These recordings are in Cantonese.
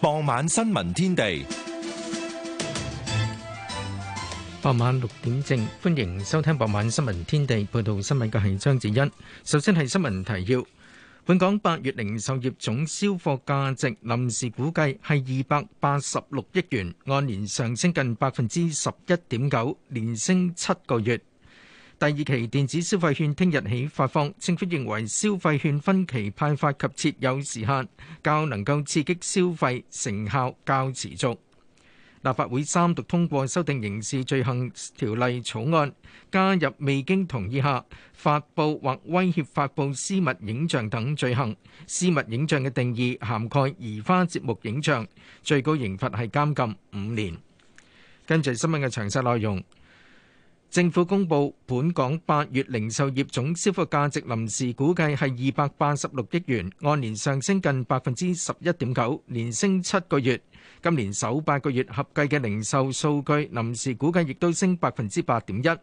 傍晚新聞天地，傍晚六點正，歡迎收聽傍晚新聞天地。報道新聞嘅係張子欣。首先係新聞提要：本港八月零售業總銷貨價值臨時估計係二百八十六億元，按年上升近百分之十一點九，連升七個月。第二期電子消費券聽日起發放，政府認為消費券分期派發及設有時限，較能夠刺激消費，成效較持續。立法會三讀通過修訂刑事罪行條例草案，加入未經同意下發布或威脅發布私密影像等罪行。私密影像嘅定義涵蓋移花接木影像，最高刑罰係監禁五年。跟住新聞嘅詳細內容。政府公布本港八月零售業總消費價值臨時估計係二百八十六億元，按年上升近百分之十一點九，連升七個月。今年首八個月合計嘅零售數據臨時估計亦都升百分之八點一。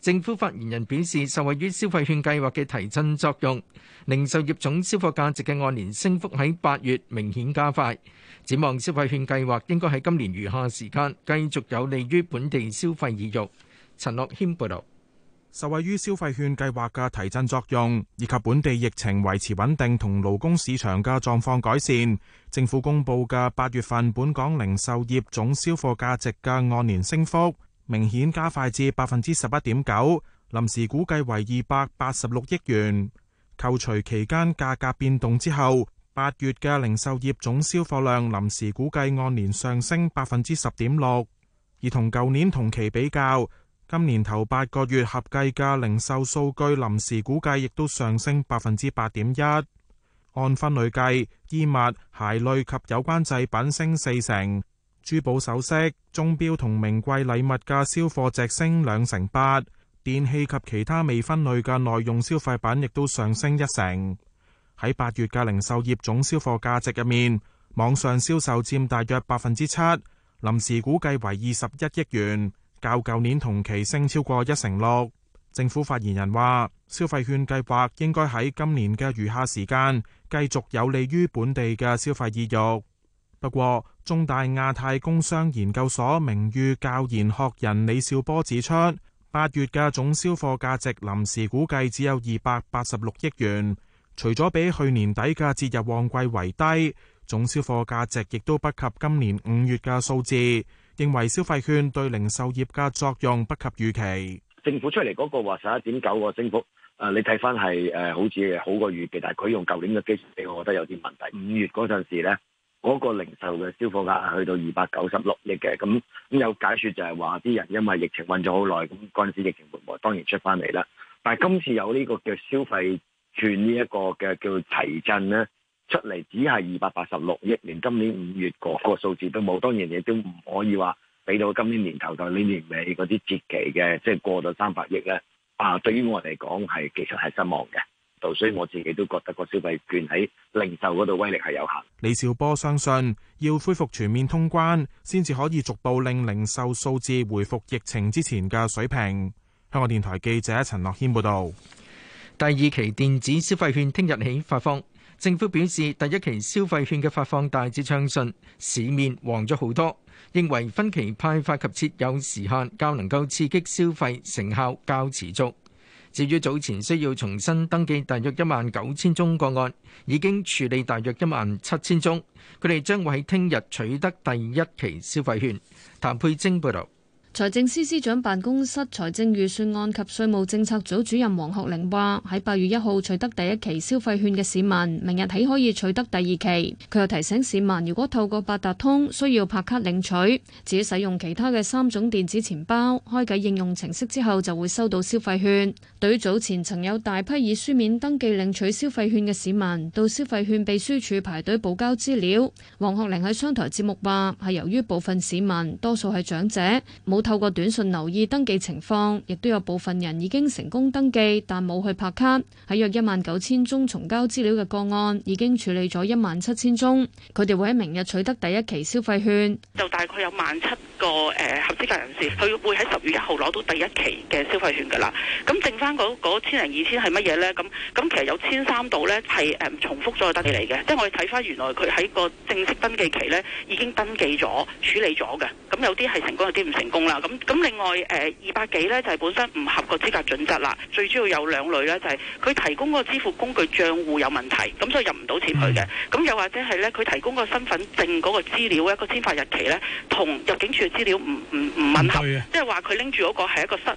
政府發言人表示，受惠於消費券計劃嘅提振作用，零售業總消費價值嘅按年升幅喺八月明顯加快。展望消費券計劃應該喺今年餘下時間繼續有利於本地消費意欲。陳樂謙報道，受惠於消費券計劃嘅提振作用，以及本地疫情維持穩定同勞工市場嘅狀況改善，政府公布嘅八月份本港零售業總銷貨價值嘅按年升幅明顯加快至百分之十一點九，臨時估計為二百八十六億元。扣除期間價格變動之後，八月嘅零售業總銷貨量臨時估計按年上升百分之十點六，而同舊年同期比較。今年頭八個月合計嘅零售數據臨時估計亦都上升百分之八點一。按分類計，衣物、鞋類及有關製品升四成；珠寶首飾、鐘表同名貴禮物嘅銷貨值升兩成八；電器及其他未分類嘅耐用消費品亦都上升一成。喺八月嘅零售業總銷貨價值入面，網上銷售占大約百分之七，臨時估計為二十一億元。較舊年同期升超過一成六。政府發言人話，消費券計劃應該喺今年嘅餘下時間繼續有利於本地嘅消費意欲。不過，中大亞太工商研究所名譽教研學人李兆波指出，八月嘅總銷貨價值臨時估計只有二百八十六億元，除咗比去年底嘅節日旺季為低，總銷貨價值亦都不及今年五月嘅數字。認為消費券對零售業嘅作用不及預期。政府出嚟嗰個話十一點九個升幅，誒，你睇翻係誒好似好過預期，但係佢用舊年嘅基數俾我，覺得有啲問題。五月嗰陣時咧，嗰個零售嘅銷貨額去到二百九十六億嘅，咁咁有解說就係話啲人因為疫情困咗好耐，咁嗰陣時疫情緩和，當然出翻嚟啦。但係今次有呢個叫消費券呢一個嘅叫提振咧。出嚟只係二百八十六億，連今年五月嗰個數字都冇。當然，亦都唔可以話俾到今年年頭到呢年尾嗰啲節期嘅，即係過到三百億咧。啊，對於我嚟講，係其實係失望嘅，所以我自己都覺得個消費券喺零售嗰度威力係有限。李兆波相信要恢復全面通關先至可以逐步令零售數字回復疫情之前嘅水平。香港電台記者陳樂謙報道，第二期電子消費券聽日起發放。政府表示，第一期消費券嘅發放大致暢順，市面旺咗好多。認為分期派發及設有時限，較能夠刺激消費，成效較持續。至於早前需要重新登記大約一萬九千宗個案，已經處理大約一萬七千宗，佢哋將會喺聽日取得第一期消費券。譚佩晶報道。財政司司長辦公室財政預算案及稅務政策組主任黃學玲話：喺八月一號取得第一期消費券嘅市民，明日起可以取得第二期。佢又提醒市民，如果透過八達通需要拍卡領取，只使用其他嘅三種電子錢包開啟應用程式之後，就會收到消費券。對於早前曾有大批以書面登記領取消費券嘅市民，到消費券秘書處排隊補交資料，黃學玲喺商台節目話：係由於部分市民，多數係長者，冇。透過短信，留意登記情況，亦都有部分人已經成功登記，但冇去拍卡。喺約一萬九千宗重交資料嘅個案，已經處理咗一萬七千宗。佢哋會喺明日取得第一期消費券。就大概有萬七個誒合資格人士，佢會喺十月一號攞到第一期嘅消費券噶啦。咁剩翻嗰千零二千係乜嘢呢？咁咁其實有千三度呢係誒重複咗嘅登記嚟嘅，即係我哋睇翻原來佢喺個正式登記期呢已經登記咗處理咗嘅。咁有啲係成功，有啲唔成功。咁咁另外誒二百幾咧就係本身唔合個資格準則啦，最主要有兩類咧就係佢提供個支付工具帳戶有問題，咁所以入唔到錢去嘅。咁又、嗯、的或者係咧佢提供個身份證嗰個資料一、那個簽發日期咧，同入境處嘅資料唔唔唔吻合，即係話佢拎住嗰個係一個失效誒、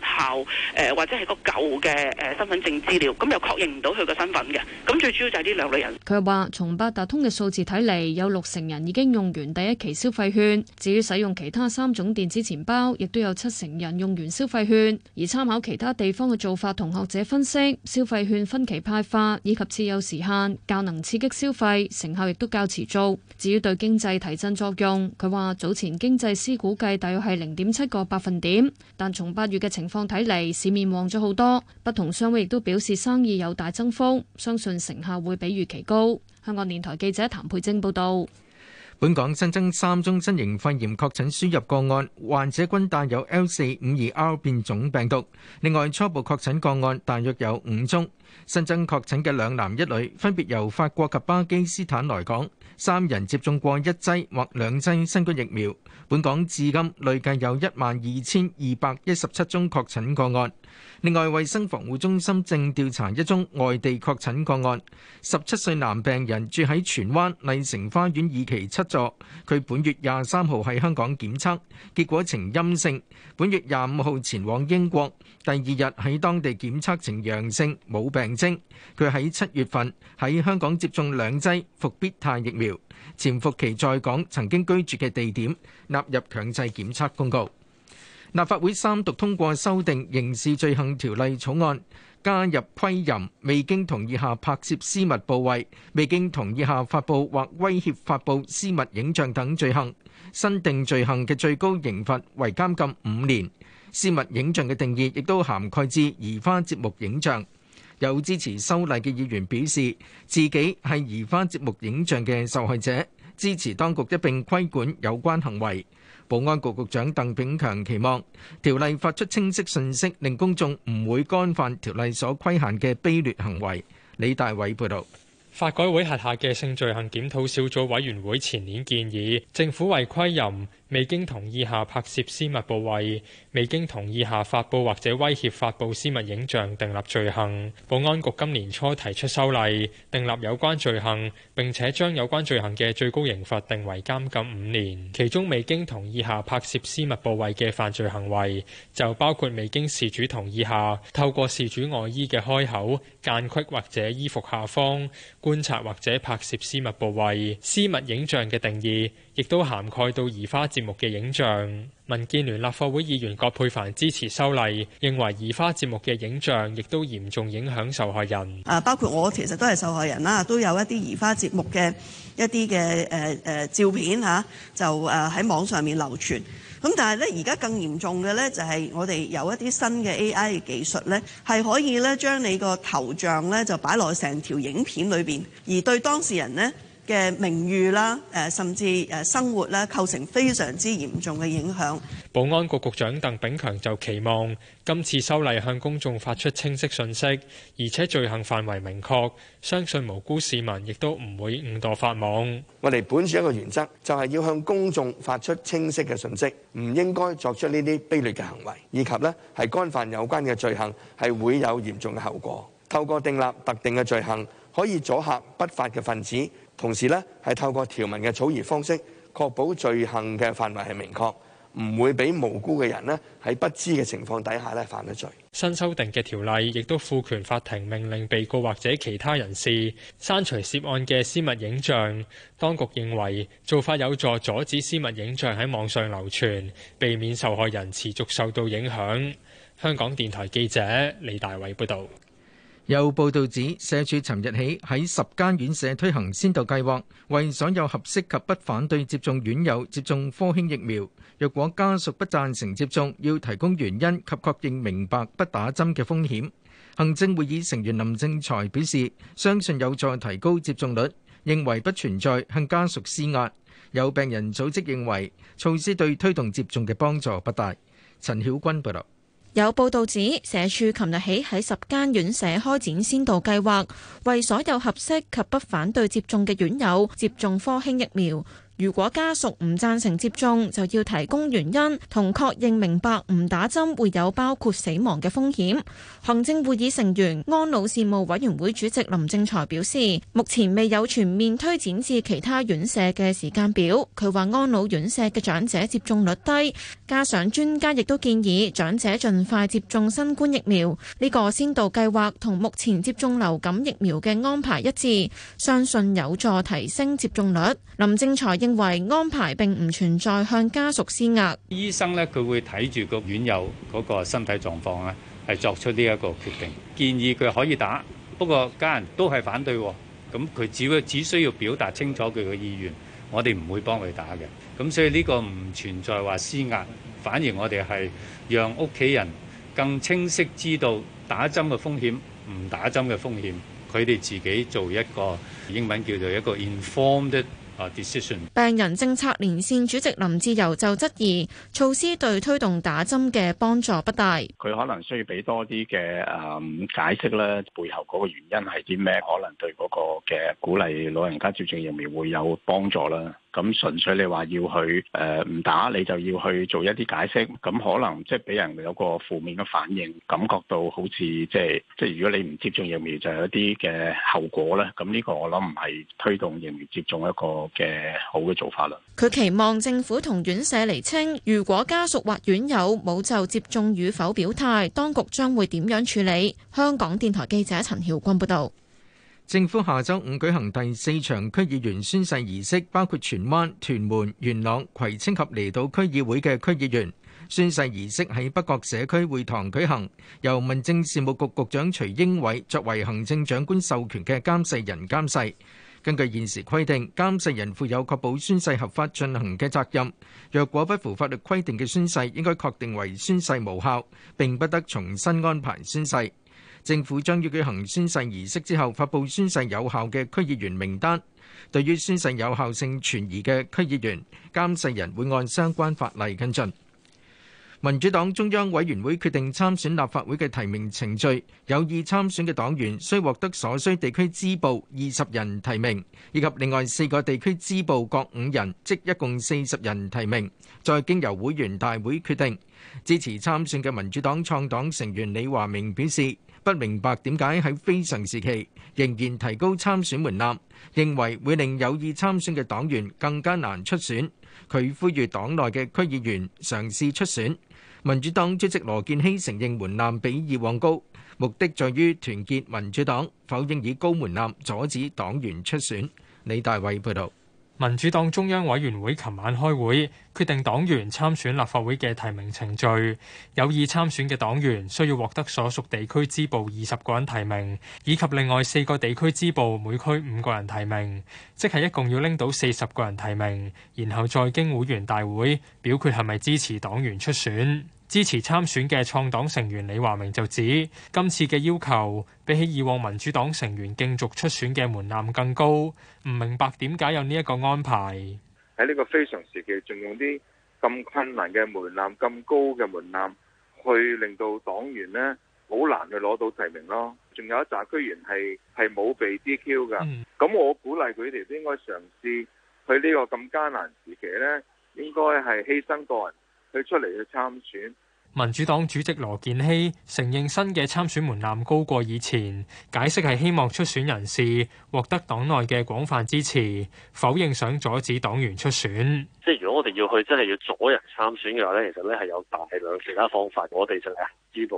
呃、或者係個舊嘅誒身份證資料，咁又確認唔到佢個身份嘅。咁最主要就係呢兩類人。佢話從八達通嘅數字睇嚟，有六成人已經用完第一期消費券，至於使用其他三種電子錢包，亦都有七成人用完消費券，而參考其他地方嘅做法同學者分析，消費券分期派發以及持有時限，較能刺激消費，成效亦都較持續。至於對經濟提振作用，佢話早前經濟師估計大約係零點七個百分點，但從八月嘅情況睇嚟，市面旺咗好多，不同商會亦都表示生意有大增幅，相信成效會比預期高。香港電台記者譚佩貞報道。本港新增三宗新型肺炎確診輸入個案，患者均帶有 L 四五二 R 變種病毒。另外，初步確診個案大約有五宗。新增確診嘅兩男一女，分別由法國及巴基斯坦來港，三人接種過一劑或兩劑新冠疫苗。本港至今累計有一萬二千二百一十七宗確診個案。另外，衛生防護中心正調查一宗外地確診個案，十七歲男病人住喺荃灣麗城花園二期七座，佢本月廿三號喺香港檢測，結果呈陰性，本月廿五號前往英國，第二日喺當地檢測呈陽性，冇病認證，佢喺七月份喺香港接種兩劑復必泰疫苗，潛伏期在港曾經居住嘅地點納入強制檢測公告。立法會三讀通過修訂刑事罪行條例草案，加入規任未經同意下拍攝私密部位、未經同意下發布或威脅發布私密影像等罪行。新定罪行嘅最高刑罰為監禁五年。私密影像嘅定義亦都涵蓋至移花節目影像。有支持修例嘅議員表示，自己係移花接木影像嘅受害者，支持當局一並規管有關行為。保安局局長鄧炳強期望條例發出清晰訊息，令公眾唔會干犯條例所規限嘅卑劣行為。李大偉報道，法改會轄下嘅性罪行檢討小組委員會前年建議政府違規任。未經同意下拍攝私密部位、未經同意下發佈或者威脅發佈私密影像，訂立罪行。保安局今年初提出修例，訂立有關罪行，並且將有關罪行嘅最高刑罰定為監禁五年。其中未經同意下拍攝私密部位嘅犯罪行為，就包括未經事主同意下透過事主外衣嘅開口、間隙或者衣服下方觀察或者拍攝私密部位。私密影像嘅定義亦都涵蓋到移花。節目嘅影像，民建聯立法會議員葛佩帆支持修例，認為移花節目嘅影像亦都嚴重影響受害人。啊，包括我其實都係受害人啦，都有一啲移花節目嘅一啲嘅誒誒照片吓、啊，就誒喺網上面流傳。咁但係咧，而家更嚴重嘅呢，就係我哋有一啲新嘅 A I 嘅技術咧，係可以咧將你個頭像呢就擺落成條影片裏邊，而對當事人呢，嘅名譽啦，誒甚至誒生活啦構成非常之嚴重嘅影響。保安局局長鄧炳強就期望今次修例向公眾發出清晰信息，而且罪行範圍明確，相信無辜市民亦都唔會誤墮法網。我哋本住一個原則，就係要向公眾發出清晰嘅信息，唔應該作出呢啲卑劣嘅行為，以及咧，係干犯有關嘅罪行，係會有嚴重嘅後果。透過訂立特定嘅罪行，可以阻嚇不法嘅分子。同時呢係透過條文嘅草擬方式，確保罪行嘅範圍係明確，唔會俾無辜嘅人呢喺不知嘅情況底下呢犯咗罪。新修訂嘅條例亦都賦權法庭命令被告或者其他人士刪除涉案嘅私密影像。當局認為做法有助阻止私密影像喺網上流傳，避免受害人持續受到影響。香港電台記者李大偉報導。有報道指，社署尋日起喺十間院舍推行先導計劃，為所有合適及不反對接種院友接種科興疫苗。若果家屬不贊成接種，要提供原因及確認明白不打針嘅風險。行政會議成員林正財表示，相信有助提高接種率，認為不存在向家屬施壓。有病人組織認為，措施對推動接種嘅幫助不大。陳曉君報道。有報道指，社署琴日起喺十間院舍開展先導計劃，為所有合適及不反對接種嘅院友接種科興疫苗。如果家屬唔贊成接種，就要提供原因同確認明白唔打針會有包括死亡嘅風險。行政會議成員安老事務委員會主席林正財表示，目前未有全面推展至其他院舍嘅時間表。佢話：安老院舍嘅長者接種率低，加上專家亦都建議長者盡快接種新冠疫苗。呢個先導計劃同目前接種流感疫苗嘅安排一致，相信有助提升接種率。林正財認為安排並唔存在向家屬施壓。醫生咧，佢會睇住個院友嗰個身體狀況咧，係作出呢一個決定。建議佢可以打，不過家人都係反對，咁佢只會只需要表達清楚佢嘅意願，我哋唔會幫佢打嘅。咁所以呢個唔存在話施壓，反而我哋係讓屋企人更清晰知道打針嘅風險，唔打針嘅風險，佢哋自己做一個英文叫做一個 informed。病人政策連線主席林志由就質疑措施對推動打針嘅幫助不大。佢可能需要俾多啲嘅，誒解釋咧，背後嗰個原因係啲咩？可能對嗰個嘅鼓勵老人家接種疫苗會有幫助啦。咁純粹你話要去誒唔打，你就要去做一啲解釋，咁可能即係俾人哋有個負面嘅反應，感覺到好似即係即係如果你唔接種疫苗就有一啲嘅後果咧。咁呢個我諗唔係推動疫苗接種一個嘅好嘅做法啦。佢期望政府同院舍厘清，如果家屬或院友冇就接種與否表態，當局將會點樣處理？香港電台記者陳曉君報道。政府下周五舉行第四場區議員宣誓儀式，包括荃灣、屯門、元朗、葵青及離島區議會嘅區議員宣誓儀式喺北角社區會堂舉行，由民政事務局局局長徐英偉作為行政長官授權嘅監誓人監誓。根據現時規定，監誓人負有確保宣誓合法進行嘅責任。若果不符法律規定嘅宣誓，應該確定為宣誓無效，並不得重新安排宣誓。政府將要舉行宣誓儀式之後，發布宣誓有效嘅區議員名單。對於宣誓有效性存疑嘅區議員，監誓人會按相關法例跟進。民主黨中央委員會決定參選立法會嘅提名程序，有意參選嘅黨員需獲得所需地區支部二十人提名，以及另外四個地區支部各五人，即一共四十人提名，再經由會員大會決定。支持參選嘅民主黨創黨成員李華明表示，不明白點解喺非常時期仍然提高參選門檻，認為會令有意參選嘅黨員更加難出選，佢呼籲黨內嘅區議員嘗試出選。民主黨主席羅健熙承認門檻比以往高，目的在於團結民主黨，否認以高門檻阻止黨員出選。李大偉報道，民主黨中央委員會琴晚開會，決定黨員參選立法會嘅提名程序。有意參選嘅黨員需要獲得所屬地區支部二十個人提名，以及另外四個地區支部每區五個人提名，即係一共要拎到四十個人提名，然後再經會員大會表決係咪支持黨員出選。支持參選嘅創黨成員李華明就指，今次嘅要求比起以往民主黨成員競逐出選嘅門檻更高，唔明白點解有呢一個安排。喺呢個非常時期，仲用啲咁困難嘅門檻咁高嘅門檻去令到黨員咧好難去攞到提名咯。仲有一紮居員係係冇被 DQ 噶，咁、嗯、我鼓勵佢哋都應該嘗試去呢個咁艱難時期咧，應該係犧牲個人。佢出嚟去參選。民主黨主席羅健熙承認新嘅參選門檻高過以前，解釋係希望出選人士獲得黨內嘅廣泛支持，否認想阻止黨員出選。即係如果我哋要去真係要阻人參選嘅話呢，其實呢係有大量其他方法。我哋就係知道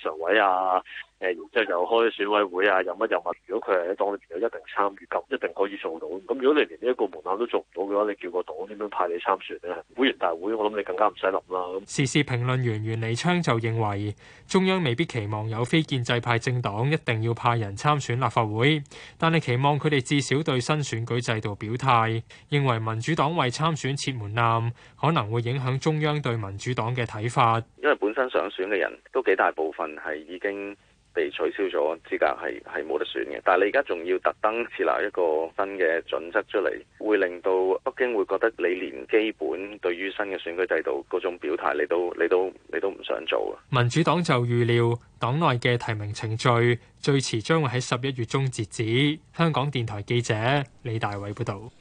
常委啊，誒、呃，即係又開選委會啊，有乜有乜。如果佢係喺黨裏邊有一定參與，咁一定可以做到。咁如果你連呢一個門檻都做唔到嘅話，你叫個黨點樣派你參選咧？會員大會我諗你更加唔使諗啦。時事評論員。袁利昌就認為，中央未必期望有非建制派政黨一定要派人參選立法會，但係期望佢哋至少對新選舉制度表態，認為民主黨為參選設門檻，可能會影響中央對民主黨嘅睇法。因為本身想選嘅人都幾大部分係已經。被取消咗資格係係冇得選嘅，但係你而家仲要特登設立一個新嘅準則出嚟，會令到北京會覺得你連基本對於新嘅選舉制度嗰種表態你都你都你都唔想做。民主黨就預料黨內嘅提名程序最遲將會喺十一月中截止。香港電台記者李大偉報道。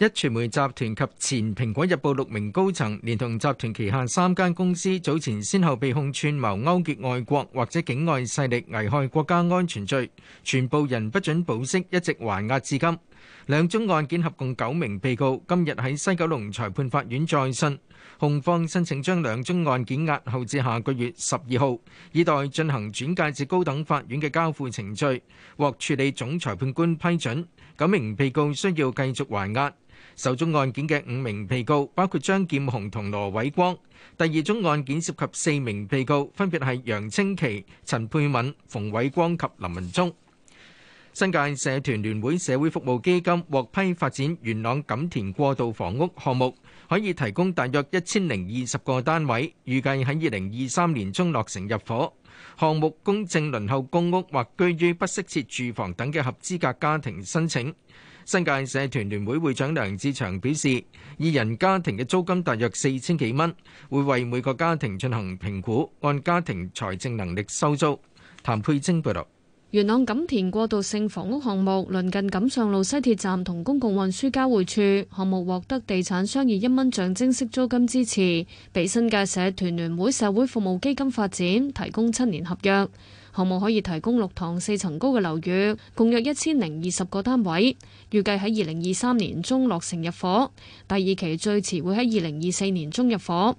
壹傳媒集團及前蘋果日報六名高層，連同集團旗下三間公司，早前先後被控串謀勾結外國或者境外勢力，危害國家安全罪，全部人不准保釋，一直還押至今。兩宗案件合共九名被告，今日喺西九龍裁判法院再審，控方申請將兩宗案件押後至下個月十二號，以待進行轉介至高等法院嘅交付程序，獲處理總裁判官批准。九名被告需要繼續還押。首宗案件嘅五名被告包括張劍雄同羅偉光。第二宗案件涉及四名被告，分別係楊清奇、陳佩敏、馮偉光及林文忠。新界社團聯會社會服務基金獲批發展元朗錦田過渡房屋項目，可以提供大約一千零二十個單位，預計喺二零二三年中落成入夥。項目供正輪候公屋或居於不適切住房等嘅合資格家庭申請。新界社團聯會會長梁志祥表示，二人家庭嘅租金大約四千幾蚊，會為每個家庭進行評估，按家庭財政能力收租。譚佩晶報導。元朗錦田過渡性房屋項目鄰近錦上路西鐵站同公共運輸交匯處，項目獲得地產商以一蚊象徵式租金支持，俾新界社團聯會社會服務基金發展提供七年合約。項目可以提供六堂四層高嘅樓宇，共約一千零二十個單位，預計喺二零二三年中落成入伙，第二期最遲會喺二零二四年中入伙。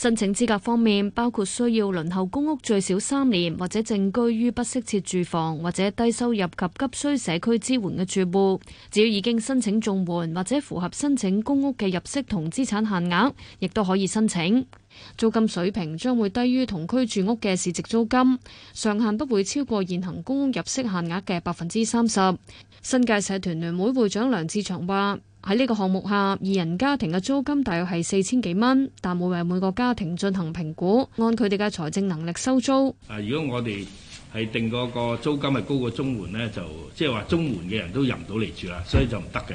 申請資格方面，包括需要輪候公屋最少三年，或者正居於不適切住房，或者低收入及,及急需社區支援嘅住戶。只要已經申請綜援或者符合申請公屋嘅入息同資產限額，亦都可以申請。租金水平將會低於同區住屋嘅市值租金，上限不會超過現行公屋入息限額嘅百分之三十。新界社團聯會會,會長梁志祥話。喺呢個項目下，二人家庭嘅租金大約係四千幾蚊，但每為每個家庭進行評估，按佢哋嘅財政能力收租。啊，如果我哋係定嗰個租金係高過中援呢，就即係話中援嘅人都入唔到嚟住啦，所以就唔得嘅。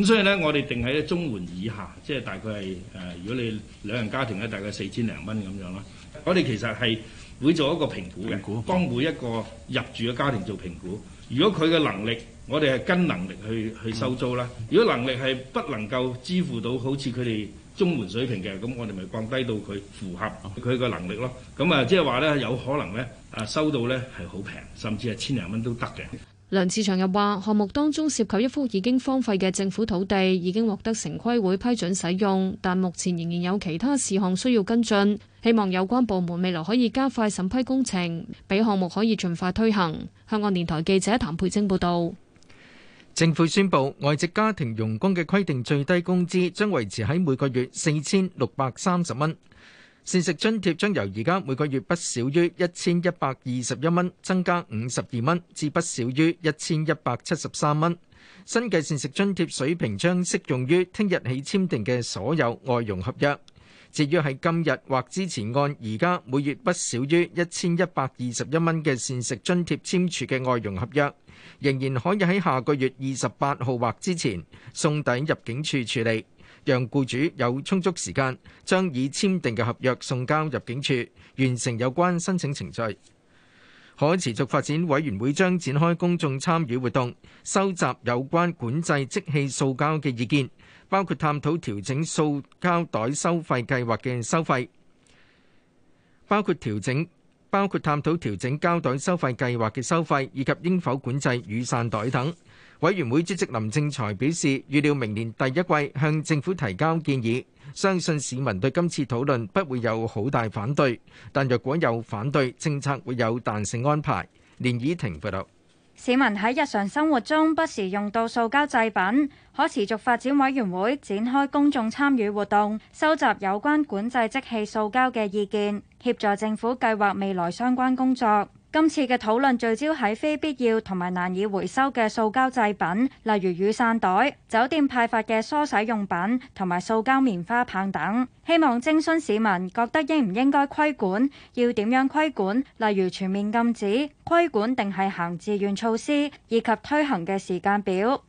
咁所以呢，我哋定喺中援以下，即係大概係誒，如果你兩人家庭呢，大概四千零蚊咁樣啦。我哋其實係會做一個評估嘅，幫每一個入住嘅家庭做評估。如果佢嘅能力我哋係跟能力去去收租啦。如果能力係不能夠支付到好似佢哋中環水平嘅，咁我哋咪降低到佢符合佢個能力咯。咁啊，即係話呢，有可能呢啊，收到呢係好平，甚至係千零蚊都得嘅。梁志祥又話：項目當中涉及一幅已經荒廢嘅政府土地，已經獲得城規會批准使用，但目前仍然有其他事項需要跟進。希望有關部門未來可以加快審批工程，俾項目可以盡快推行。香港電台記者譚佩晶報導。政府宣布，外籍家庭傭工嘅規定最低工資將維持喺每個月四千六百三十蚊，膳食津貼將由而家每個月不少於一千一百二十一蚊，增加五十二蚊至不少於一千一百七十三蚊。新嘅膳食津貼水平將適用於聽日起簽訂嘅所有外傭合約，至於喺今日或之前按而家每月不少於一千一百二十一蚊嘅膳食津貼簽署嘅外傭合約，仍然可以喺下個月二十八號或之前送抵入境處處理，讓僱主有充足時間將已簽訂嘅合約送交入境處，完成有關申請程序。可持續發展委員會將展開公眾參與活動，收集有關管制即棄塑膠嘅意見，包括探討調整塑膠袋收費計劃嘅收費，包括調整。包括探討調整膠袋收費計劃嘅收費，以及應否管制雨傘袋等。委員會主席林正財表示，預料明年第一季向政府提交建議，相信市民對今次討論不會有好大反對。但若果有反對，政策會有彈性安排。連倚婷報導。市民喺日常生活中不時用到塑膠製品，可持續發展委員會展開公眾參與活動，收集有關管制即棄塑膠嘅意見，協助政府計劃未來相關工作。今次嘅討論聚焦喺非必要同埋難以回收嘅塑膠製品，例如雨傘袋、酒店派發嘅梳洗用品同埋塑膠棉花棒等。希望徵詢市民覺得應唔應該規管，要點樣規管，例如全面禁止、規管定係行自願措施，以及推行嘅時間表。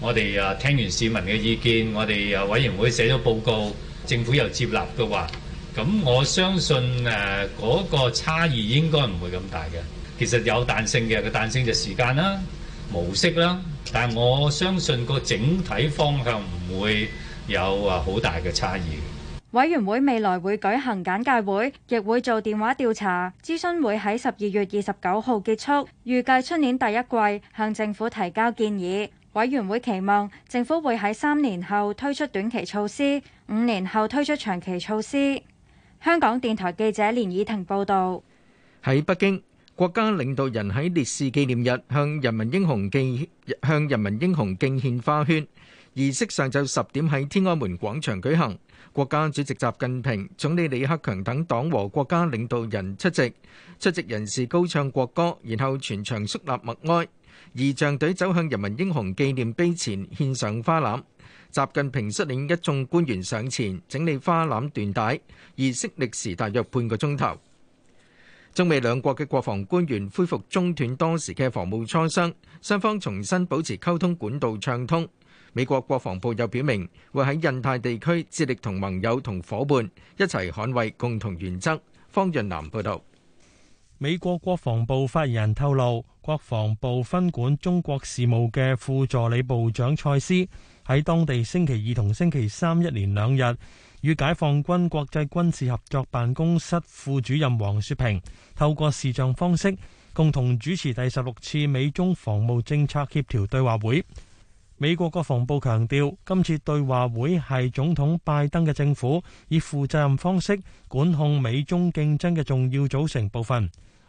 我哋啊，聽完市民嘅意見，我哋啊委員會寫咗報告，政府又接納嘅話，咁我相信誒嗰個差異應該唔會咁大嘅。其實有彈性嘅，個彈性就時間啦、模式啦，但係我相信個整體方向唔會有啊好大嘅差異。委員會未來會舉行簡介會，亦會做電話調查諮詢會，喺十二月二十九號結束，預計出年第一季向政府提交建議。委員會期望政府會喺三年後推出短期措施，五年後推出長期措施。香港電台記者連以婷報道。喺北京，國家領導人喺烈士紀念日向人民英雄敬向人民英雄敬獻花圈。儀式上晝十點喺天安門廣場舉行，國家主席習近平、總理李克強等黨和國家領導人出席。出席人士高唱國歌，然後全場肅立默哀。儀仗隊走向人民英雄紀念碑前獻上花籃，習近平率領一眾官員上前整理花籃緞帶，儀式歷時大約半個鐘頭。中美兩國嘅國防官員恢復中斷多時嘅防務磋商，雙方重新保持溝通管道暢通。美國國防部又表明會喺印太地區致力同盟友同伙伴一齊捍衛共同原則。方潤南報道。美國國防部發言人透露，國防部分管中國事務嘅副助理部長蔡斯喺當地星期二同星期三一連兩日，與解放軍國際軍事合作辦公室副主任黃雪平透過視像方式，共同主持第十六次美中防務政策協調對話會。美國國防部強調，今次對話會係總統拜登嘅政府以負責任方式管控美中競爭嘅重要組成部分。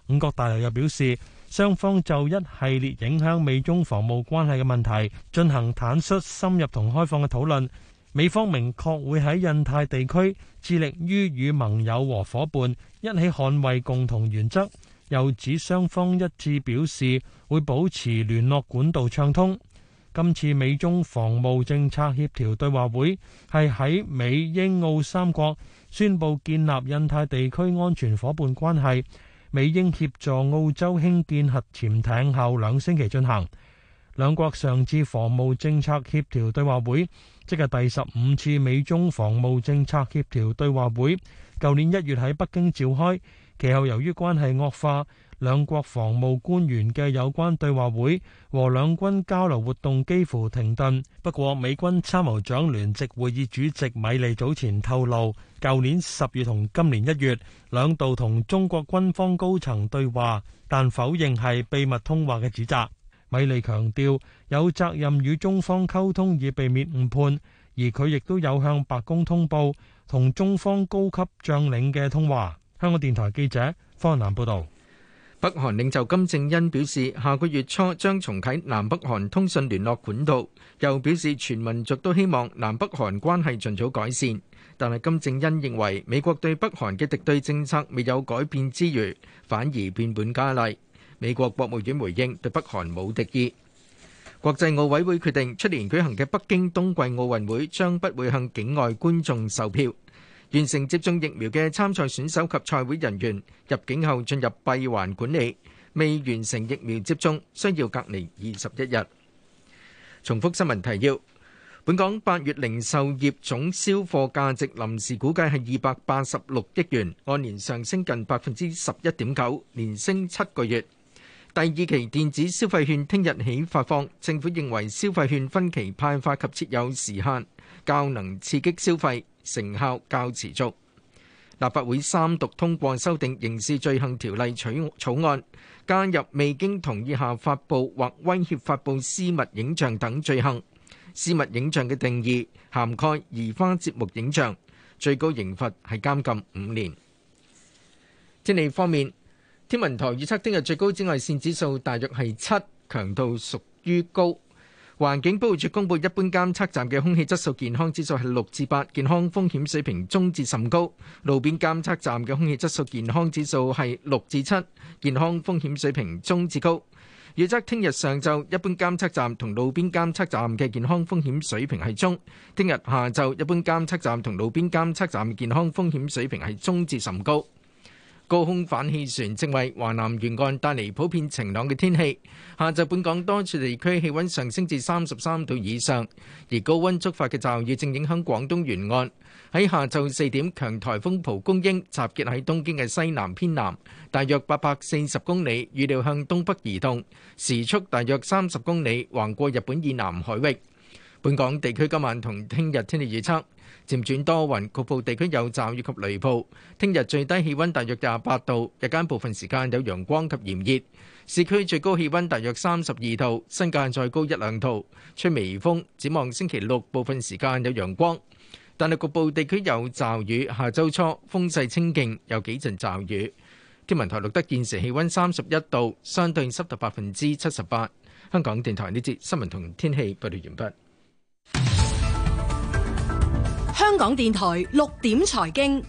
五角大樓又表示，雙方就一系列影響美中防務關係嘅問題進行坦率、深入同開放嘅討論。美方明確會喺印太地區致力於與盟友和伙伴一起捍衛共同原則，又指雙方一致表示會保持聯絡管道暢通。今次美中防務政策協調對話會係喺美、英、澳三國宣布建立印太地區安全伙伴關係，美英協助澳洲興建核潛艇後兩星期進行，兩國上次防務政策協調對話會，即係第十五次美中防務政策協調對話會。舊年一月喺北京召開，其後由於關係惡化。兩國防務官員嘅有關對話會和兩軍交流活動幾乎停頓。不過，美軍參謀長聯席會議主席米利早前透露，舊年十月同今年一月兩度同中國軍方高層對話，但否認係秘密通話嘅指責。米利強調有責任與中方溝通，以避免誤判，而佢亦都有向白宮通報同中方高級將領嘅通話。香港電台記者方南報道。北韓領袖金正恩表示，下個月初將重啟南北韓通訊聯絡管道，又表示全民族都希望南北韓關係盡早改善。但係金正恩認為美國對北韓嘅敵對政策未有改變之餘，反而變本加厲。美國國務院回應對北韓冇敵意。國際奧委會決定，出年舉行嘅北京冬季奧運會將不會向境外觀眾售票。完成接種疫苗嘅參賽選手及賽會人員入境後進入閉環管理，未完成疫苗接種需要隔離二十一日。重複新聞提要：本港八月零售業總銷貨價值臨時估計係二百八十六億元，按年上升近百分之十一點九，連升七個月。第二期電子消費券聽日起發放，政府認為消費券分期派發及設有時限，較能刺激消費。成效較持續。立法會三讀通過修訂刑事罪行條例取草案，加入未經同意下發布或威脅發布私密影像等罪行。私密影像嘅定義涵蓋移花接木影像，最高刑罰係監禁五年。天氣方面，天文台預測聽日最高紫外線指數大約係七，強度屬於高。環境保護署公布，一般監測站嘅空氣質素健康指數係六至八，健康風險水平中至甚高；路邊監測站嘅空氣質素健康指數係六至七，健康風險水平中至高。預測聽日上晝一般監測站同路邊監測站嘅健康風險水平係中；聽日下晝一般監測站同路邊監測站嘅健康風險水平係中至甚高。高空反氣旋正為華南沿岸帶嚟普遍晴朗嘅天氣，下晝本港多處地區氣温上升至三十三度以上，而高温觸發嘅驟雨正影響廣東沿岸。喺下晝四點，強颱風蒲公英集結喺東京嘅西南偏南，大約八百四十公里，預料向東北移動，時速大約三十公里，橫過日本以南海域。本港地區今晚同聽日天氣預測。漸轉多雲，局部地區有驟雨及雷暴。聽日最低氣温大約廿八度，日間部分時間有陽光及炎熱。市區最高氣温大約三十二度，新界再高一兩度，吹微風。展望星期六部分時間有陽光，但係局部地區有驟雨。下周初風勢清勁，有幾陣驟雨。天文台錄得現時氣温三十一度，相對濕度百分之七十八。香港電台呢節新聞同天氣報道完畢。香港電台六點財經，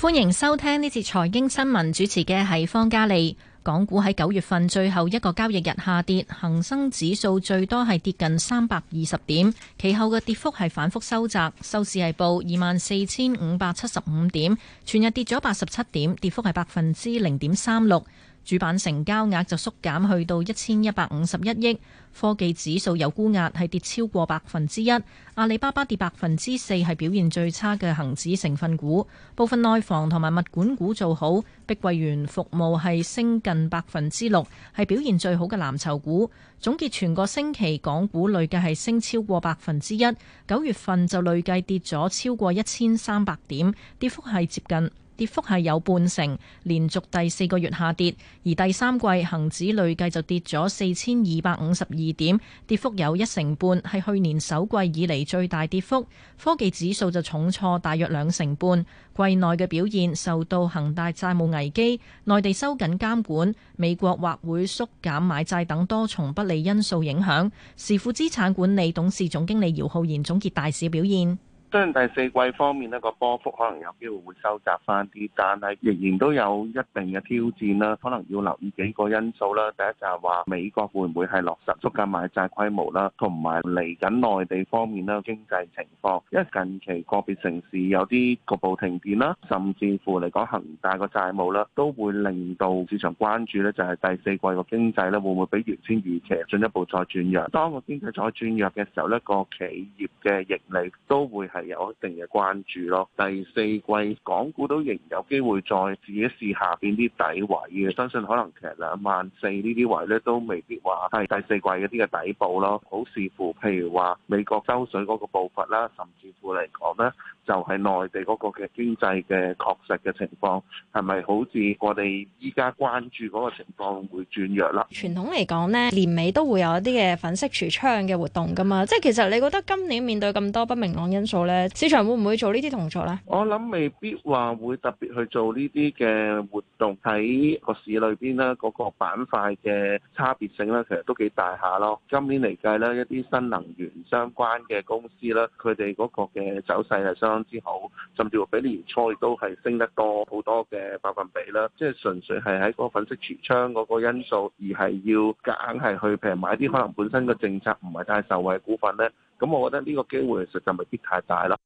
歡迎收聽呢節財經新聞。主持嘅係方嘉利。港股喺九月份最後一個交易日下跌，恒生指數最多係跌近三百二十點。其後嘅跌幅係反复收窄，收市係報二萬四千五百七十五點，全日跌咗八十七點，跌幅係百分之零點三六。主板成交額就縮減去到一千一百五十一億。科技指數有沽壓，係跌超過百分之一。阿里巴巴跌百分之四，係表現最差嘅恒指成分股。部分內房同埋物管股做好，碧桂園服務係升近百分之六，係表現最好嘅藍籌股。總結全個星期港股累計係升超過百分之一，九月份就累計跌咗超過一千三百點，跌幅係接近。跌幅係有半成，連續第四個月下跌，而第三季恒指累計就跌咗四千二百五十二點，跌幅有一成半，係去年首季以嚟最大跌幅。科技指數就重挫大約兩成半，季內嘅表現受到恒大債務危機、內地收緊監管、美國或會縮減買債等多重不利因素影響。時富資產管理董事總經理姚浩然總結大市表現。雖然第四季方面呢個波幅可能有機會會收窄翻啲，但係仍然都有一定嘅挑戰啦。可能要留意幾個因素啦。第一就係話美國會唔會係落實足夠買債規模啦，同埋嚟緊內地方面咧經濟情況。因為近期個別城市有啲局部停電啦，甚至乎嚟講恒大個債務啦，都會令到市場關注咧，就係、是、第四季個經濟咧會唔會比原先預期進一步再轉弱。當個經濟再轉弱嘅時候咧，個企業嘅盈利都會係，有一定嘅關注咯。第四季港股都仍有機會再試一試下邊啲底位嘅，相信可能其實兩萬四呢啲位咧都未必話係第四季嗰啲嘅底部咯。好視乎譬如話美國收水嗰個步伐啦，甚至乎嚟講咧就係、是、內地嗰個嘅經濟嘅確實嘅情況，係咪好似我哋依家關注嗰個情況會轉弱啦？傳統嚟講咧，年尾都會有一啲嘅粉飾櫥窗嘅活動噶嘛。即係其實你覺得今年面對咁多不明朗因素咧？市場會唔會做呢啲動作呢？我諗未必話會特別去做呢啲嘅活動喺個市裏邊啦，嗰個板塊嘅差別性呢，其實都幾大下咯。今年嚟計呢，一啲新能源相關嘅公司呢，佢哋嗰個嘅走勢係相當之好，甚至乎比年初亦都係升得多好多嘅百分比啦。即係純粹係喺個粉飾櫥窗嗰個因素，而係要硬係去譬如買啲可能本身嘅政策唔係太受惠股份呢。咁我覺得呢個機會實在未必太大啦。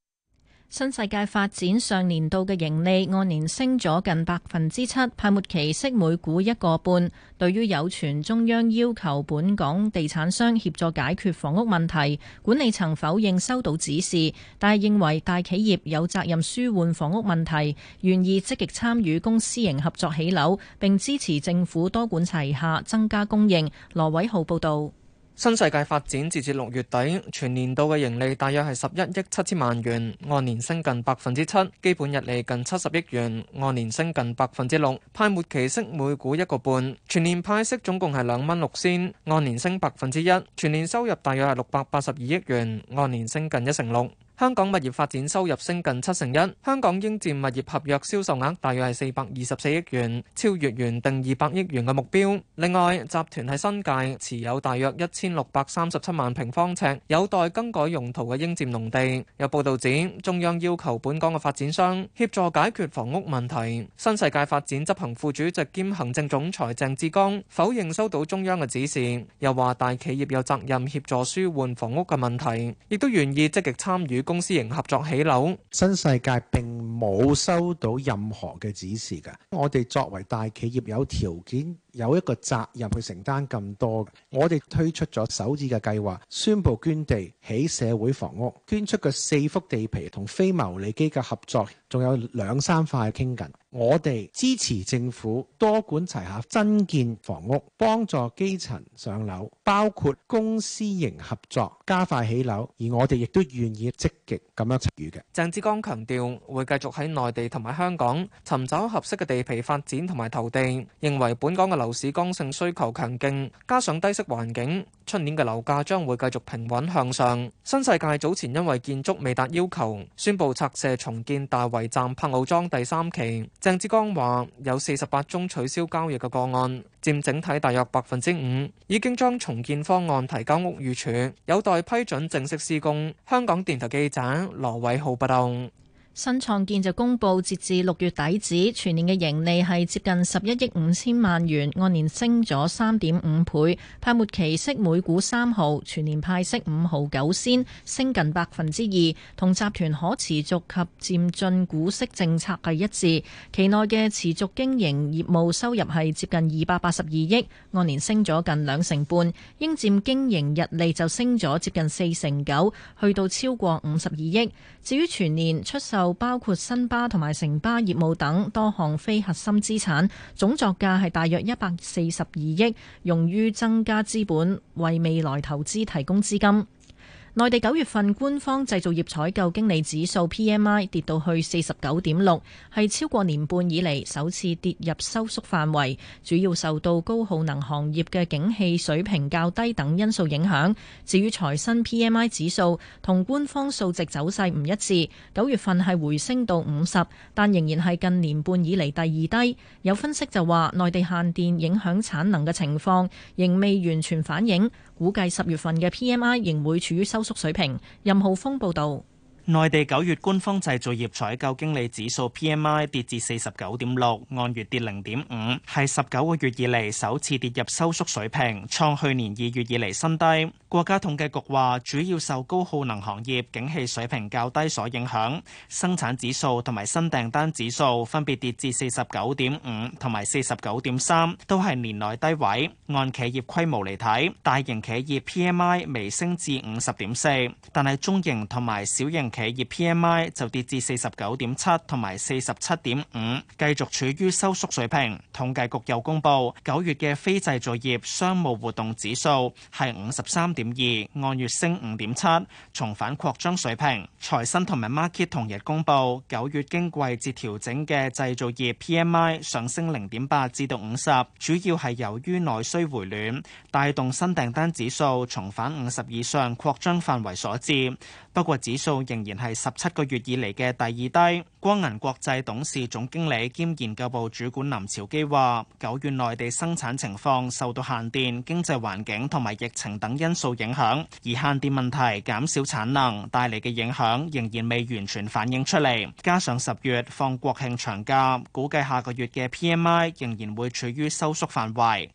新世界發展上年度嘅盈利按年升咗近百分之七，派末期息每股一個半。對於有傳中央要求本港地產商協助解決房屋問題，管理層否認收到指示，但係認為大企業有責任舒緩房屋問題，願意積極參與公私營合作起樓，並支持政府多管齊下增加供應。羅偉浩報導。新世界發展截至六月底，全年度嘅盈利大約係十一億七千萬元，按年升近百分之七，基本日利近七十億元，按年升近百分之六，派末期息每股一個半，全年派息總共係兩蚊六仙，按年升百分之一，全年收入大約係六百八十二億元，按年升近一成六。香港物業發展收入升近七成一，香港應佔物業合約銷售額大約係四百二十四億元，超越原定二百億元嘅目標。另外，集團喺新界持有大約一千六百三十七萬平方尺有待更改用途嘅應佔農地。有報道指中央要求本港嘅發展商協助解決房屋問題。新世界發展執行副主席兼行政總裁鄭志剛否認收到中央嘅指示，又話大企業有責任協助舒緩房屋嘅問題，亦都願意積極參與。公司營合作起樓，新世界並冇收到任何嘅指示㗎。我哋作為大企業，有條件，有一個責任去承擔咁多，我哋推出咗首指嘅計劃，宣布捐地起社會房屋，捐出嘅四幅地皮同非牟利機構合作，仲有兩三塊傾緊。我哋支持政府多管齊下增建房屋，幫助基層上樓，包括公私營合作加快起樓，而我哋亦都願意積極咁樣參與嘅。鄭志剛強調會繼續喺內地同埋香港尋找合適嘅地皮發展同埋投地，認為本港嘅樓樓市剛性需求強勁，加上低息環境，出年嘅樓價將會繼續平穩向上。新世界早前因為建築未達要求，宣布拆卸重建大圍站柏傲莊第三期。鄭志剛話有四十八宗取消交易嘅個案，佔整體大約百分之五，已經將重建方案提交屋宇署，有待批准正式施工。香港電台記者羅偉浩報道。新創建就公布，截至六月底止，全年嘅盈利係接近十一億五千萬元，按年升咗三點五倍。派末期息每股三毫，全年派息五毫九仙，升近百分之二，同集團可持續及佔盡股息政策係一致。期內嘅持續經營業業務收入係接近二百八十二億，按年升咗近兩成半，應佔經營日利就升咗接近四成九，去到超過五十二億。至於全年出售，包括新巴同埋城巴業務等多項非核心資產，總作價係大約一百四十二億，用於增加資本，為未來投資提供資金。內地九月份官方製造業採購經理指數 PMI 跌到去四十九點六，係超過年半以嚟首次跌入收縮範圍，主要受到高耗能行業嘅景氣水平較低等因素影響。至於財新 PMI 指數同官方數值走勢唔一致，九月份係回升到五十，但仍然係近年半以嚟第二低。有分析就話，內地限電影響產能嘅情況仍未完全反映。估計十月份嘅 PMI 仍會處於收縮水平。任浩峰報導。內地九月官方製造業採購經理指數 PMI 跌至49.6，按月跌0.5，係十九個月以嚟首次跌入收縮水平，創去年二月以嚟新低。國家統計局話，主要受高耗能行業景氣水平較低所影響，生產指數同埋新訂單指數分別跌至49.5同埋49.3，都係年內低位。按企業規模嚟睇，大型企業 PMI 微升至50.4，但係中型同埋小型企業 PMI 就跌至四十九點七，同埋四十七點五，繼續處於收縮水平。統計局又公布九月嘅非製造業商務活動指數係五十三點二，按月升五點七，重返擴張水平。財新同埋 Markit 同日公布九月經季節調整嘅製造業 PMI 上升零點八至到五十，主要係由於內需回暖，帶動新訂單指數重返五十以上擴張範圍所致。不過，指數仍然係十七個月以嚟嘅第二低。光銀國際董事總經理兼研究部主管林朝基話，九月內地生產情況受到限電、經濟環境同埋疫情等因素影響，而限電問題減少產能帶嚟嘅影響仍然未完全反映出嚟。加上十月放國慶長假，估計下個月嘅 PMI 仍然會處於收縮範圍。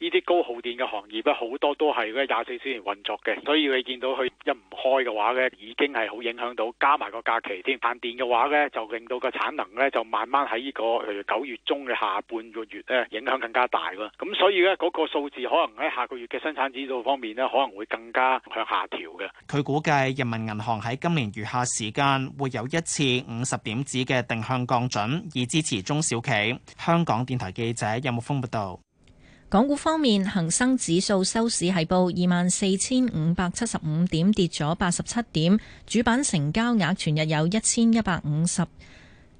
嘅行業咧好多都係廿四小時運作嘅，所以你見到佢一唔開嘅話咧，已經係好影響到，加埋個假期添。限電嘅話咧，就令到個產能咧就慢慢喺呢個九月中嘅下半個月咧，影響更加大咯。咁所以咧，嗰個數字可能喺下個月嘅生產指數方面咧，可能會更加向下調嘅。佢估計人民銀行喺今年餘下時間會有一次五十點子嘅定向降準，以支持中小企。香港電台記者任木峰報道。港股方面，恒生指數收市係報二萬四千五百七十五點，跌咗八十七點。主板成交額全日有一千一百五十。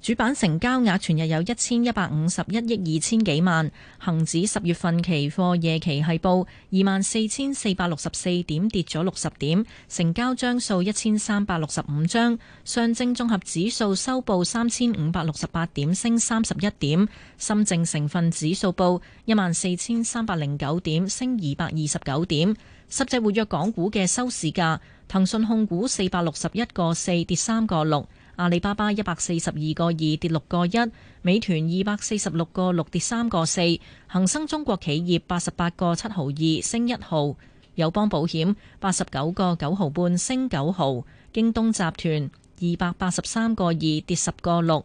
主板成交額全日有一千一百五十一億二千幾萬，恒指十月份期貨夜期係報二萬四千四百六十四點，跌咗六十點，成交張數一千三百六十五張。上證綜合指數收報三千五百六十八點，升三十一點。深證成分指數報一萬四千三百零九點，升二百二十九點。十隻活躍港股嘅收市價，騰訊控股四百六十一個四，跌三個六。阿里巴巴一百四十二個二，跌六個一，美團二百四十六個六，跌三個四，恒生中國企業八十八個七毫二升一毫，友邦保險八十九個九毫半升九毫，京東集團二百八十三個二，跌十個六，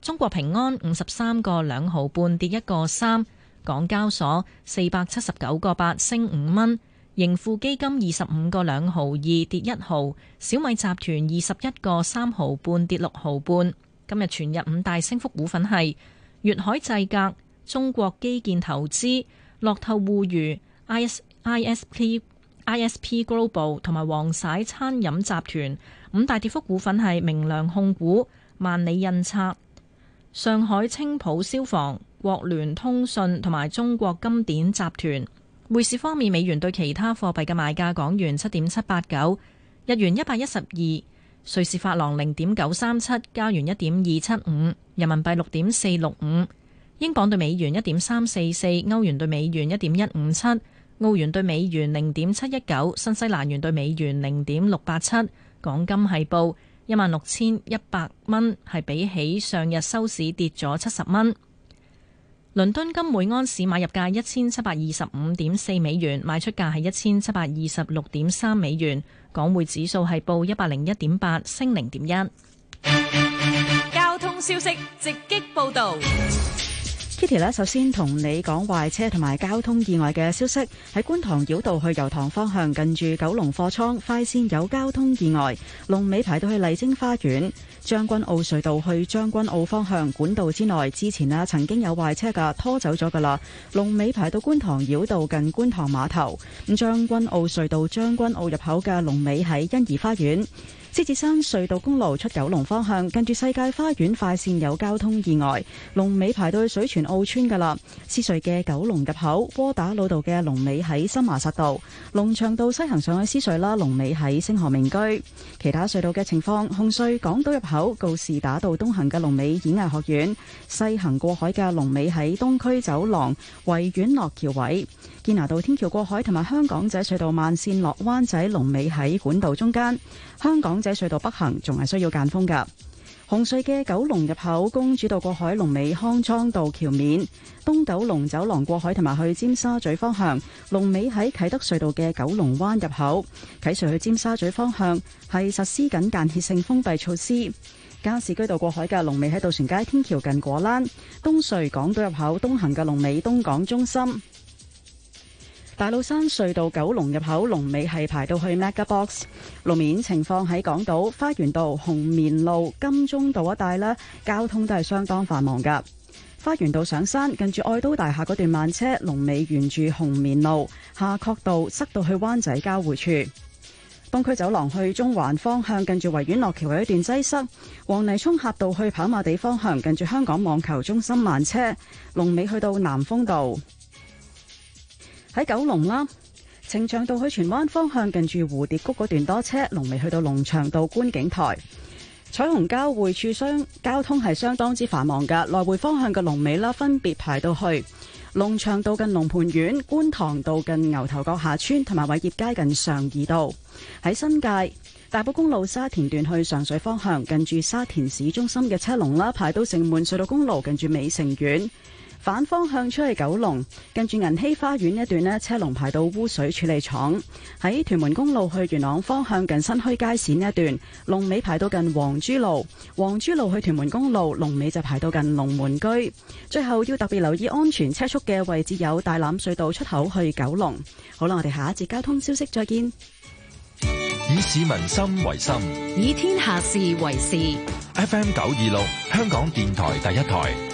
中國平安五十三個兩毫半跌一個三，港交所四百七十九個八升五蚊。盈富基金二十五個兩毫二跌一毫，小米集團二十一個三毫半跌六毫半。今日全日五大升幅股份係粵海製革、中國基建投資、樂透互娛、IS ISP ISP Global 同埋黃曬餐飲集團。五大跌幅股份係明亮控股、萬里印刷、上海青浦消防、國聯通訊同埋中國金典集團。匯市方面，美元對其他貨幣嘅賣價：港元七點七八九，日元一百一十二，瑞士法郎零點九三七，加元一點二七五，人民幣六點四六五，英鎊對美元一點三四四，歐元對美元一點一五七，澳元對美元零點七一九，新西蘭元對美元零點六八七。港金係報一萬六千一百蚊，係比起上日收市跌咗七十蚊。倫敦金每安士買入價一千七百二十五點四美元，賣出價係一千七百二十六點三美元。港匯指數係報一百零一點八，升零點一。交通消息直擊報道。Kitty，首先同你講壞車同埋交通意外嘅消息。喺觀塘繞道去油塘方向，近住九龍貨倉快線有交通意外，龍尾排到去麗晶花園。將軍澳隧道去將軍澳方向管道之內，之前咧曾經有壞車噶拖走咗噶啦。龍尾排到觀塘繞道近觀塘碼頭，咁將軍澳隧道將軍澳入口嘅龍尾喺欣怡花園。獅子山隧道公路出九龍方向，近住世界花園快線有交通意外，龍尾排到去水泉澳村㗎喇。獅隧嘅九龍入口窩打老道嘅龍尾喺森麻實道，龍翔道西行上去獅隧啦，龍尾喺星河名居。其他隧道嘅情況，紅隧港島入口告士打道東行嘅龍尾演藝學院，西行過海嘅龍尾喺東區走廊維園落橋位。堅拿道天橋過海同埋香港仔隧道慢綫落灣仔龍尾喺管道中間，香港仔隧道北行仲係需要間封㗎。紅隧嘅九龍入口、公主道過海龍尾、龍康莊道橋面、東九龍走廊過海同埋去尖沙咀方向龍尾喺啟德隧道嘅九龍灣入口，啟隧去尖沙咀方向係實施緊間歇性封閉措施。加士居道過海嘅龍尾喺渡船街天橋近果欄，東隧港島入口東行嘅龍尾東港中心。大老山隧道九龍入口龍尾係排到去 Mega Box 路面情況喺港島花園道、紅棉路、金鐘道一帶呢，交通都係相當繁忙噶。花園道上山近住愛都大廈嗰段慢車，龍尾沿住紅棉路、夏愨道塞到去灣仔交匯處。東區走廊去中環方向近住維園落橋位一段擠塞，黃泥涌峽道去跑馬地方向近住香港網球中心慢車，龍尾去到南風道。喺九龍啦，呈祥道去荃灣方向近住蝴蝶谷嗰段多車，龍尾去到龍翔道觀景台彩虹交匯處商，商交通係相當之繁忙噶。來回方向嘅龍尾啦，分別排到去龍翔道近龍蟠苑、觀塘道近牛頭角下村，同埋偉業街近常怡道。喺新界大埔公路沙田段去上水方向，近住沙田市中心嘅車龍啦，排到城門隧道公路近住美城苑。反方向出去九龍，近住銀禧花園一段咧，車龍排到污水處理廠；喺屯門公路去元朗方向，近新墟街市呢一段，龍尾排到近黃珠路；黃珠路去屯門公路，龍尾就排到近龍門居。最後要特別留意安全車速嘅位置有大欖隧道出口去九龍。好啦，我哋下一節交通消息再見。以市民心為心，以天下事為事。FM 九二六，香港電台第一台。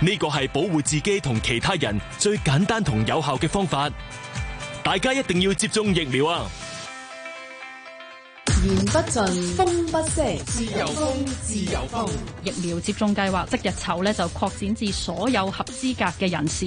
呢個係保護自己同其他人最簡單同有效嘅方法，大家一定要接種疫苗啊！言不盡，風不息，自由風，自由風。疫苗接種計劃即日籌咧就擴展至所有合資格嘅人士。